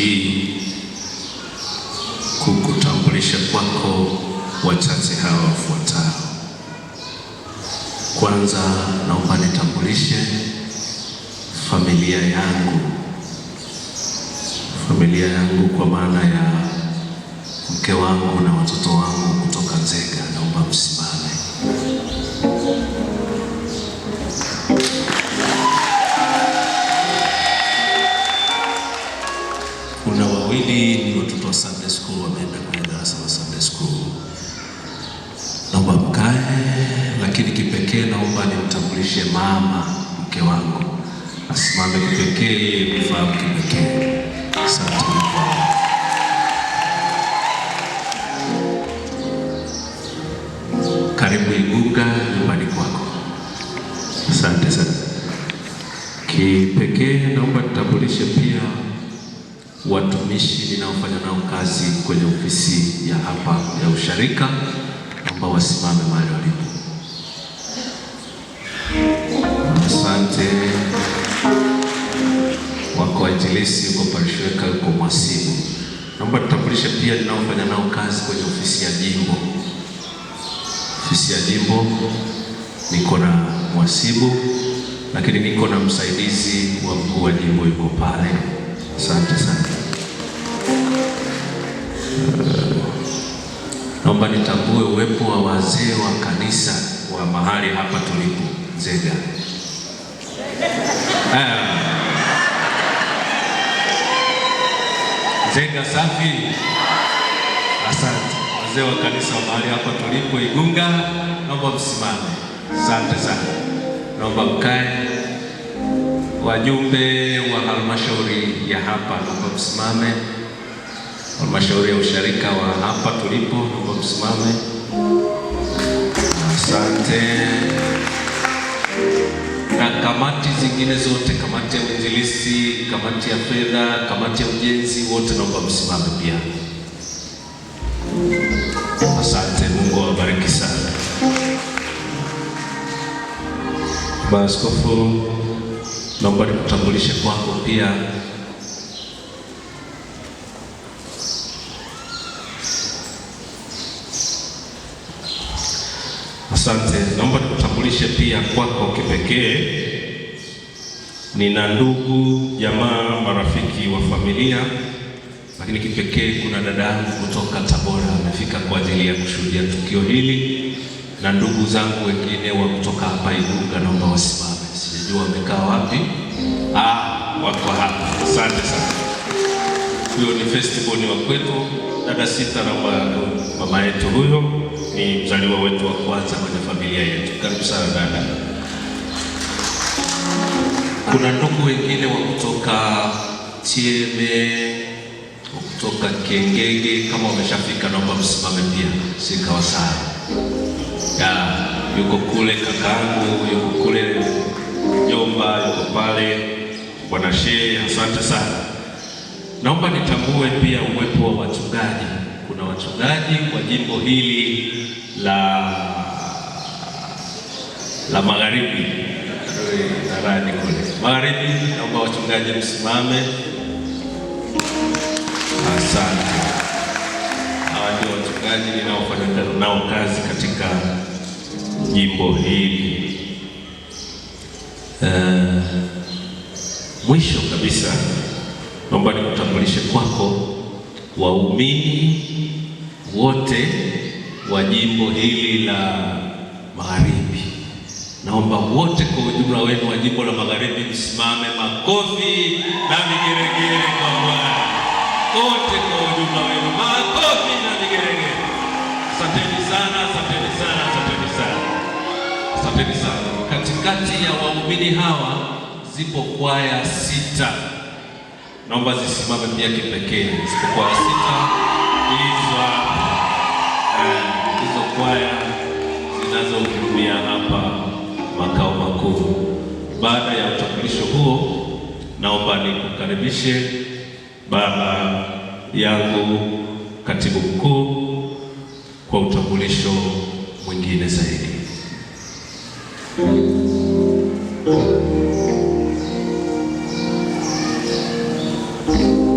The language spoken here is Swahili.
hii kukutambulisha kwako wachache hawa wafuatao. Kwanza naomba nitambulishe familia yangu, familia yangu kwa maana ya mke wangu na watoto wangu. na wawili ni watoto wa Sunday school wameenda kwenye darasa la Sunday school. Naomba mkae, lakini kipekee naomba nimtambulishe mama mke wangu asimame kipekee, mfahamu kipekee. Asante. Karibu Igunga, nyumbani kwako. Asante sana. Kipekee naomba nitambulishe pia watumishi ninaofanya nao kazi kwenye ofisi ya hapa ya usharika, ambao wasimame mahali walipo. Asante. Wako wainjilisti uko parishweka, huko Mwasibu. Naomba tutambulishe pia ninaofanya nao kazi kwenye ofisi ya jimbo. Ofisi ya jimbo niko na Mwasibu, lakini niko na msaidizi wa mkuu wa jimbo yuko pale Asante sana. Naomba nitambue uwepo wa wazee wa kanisa wa mahali hapa tulipo Nzega. Eh. Nzega safi. Asante wazee wa kanisa wa mahali hapa tulipo Igunga, naomba msimame. Asante sana, naomba mkae wajumbe wa halmashauri ya hapa, naomba msimame. Halmashauri ya usharika wa hapa tulipo, naomba msimame. Asante. Na kamati zingine zote, kamati ya uinjilisi, kamati ya fedha, kamati ya ujenzi, wote naomba msimame pia. Asante, Mungu awabariki sana. Maaskofu naomba nikutambulishe kwako pia Asante, naomba nikutambulishe pia kwako kipekee. Nina ndugu jamaa, marafiki wa familia, lakini kipekee kuna dada yangu kutoka Tabora amefika kwa ajili ya kushuhudia tukio hili na ndugu zangu wengine wa kutoka hapa Igunga, naomba wasimame sijui wamekaa wapi. Ah, wako hapa. Asante sana. Huyo ni festival ni wa kwetu. Dada Sita na mama yetu huyo ni mzaliwa wetu wa kwanza kwenye familia yetu. Karibu sana dada. Kuna ndugu wengine wa kutoka Tieme wa kutoka Kengege, kama wameshafika naomba msimame pia, sikawa sana. Ya, yuko kule kakangu, yuko kule Mgomba yuko pale, bwana shehe, asante sana. Naomba nitambue pia uwepo wa wachungaji. Kuna wachungaji kwa jimbo hili la la magharibi arani kule magharibi, naomba wachungaji msimame. Asante. Hawa ndio wachungaji ninaofanya nao kazi katika jimbo hili. Uh, mwisho kabisa naomba nikutambulishe kwako waumini wote wa jimbo hili la Magharibi. Naomba wote kwa ujumla wenu wa jimbo la Magharibi msimame, makofi na vigeregere kwa Bwana. Wote kwa ujumla wenu, makofi na vigeregere. Asanteni sana, asanteni sana, asanteni sana asanteni sana. Katikati ya waumini hawa zipo kwaya sita, naomba zisimame pia kipekee. Zipo kwaya sita hizo, eh, hizo kwaya zinazohudumia hapa makao makuu. Baada ya utambulisho huo, naomba nikukaribishe baba yangu katibu mkuu kwa utambulisho mwingine zaidi. thank you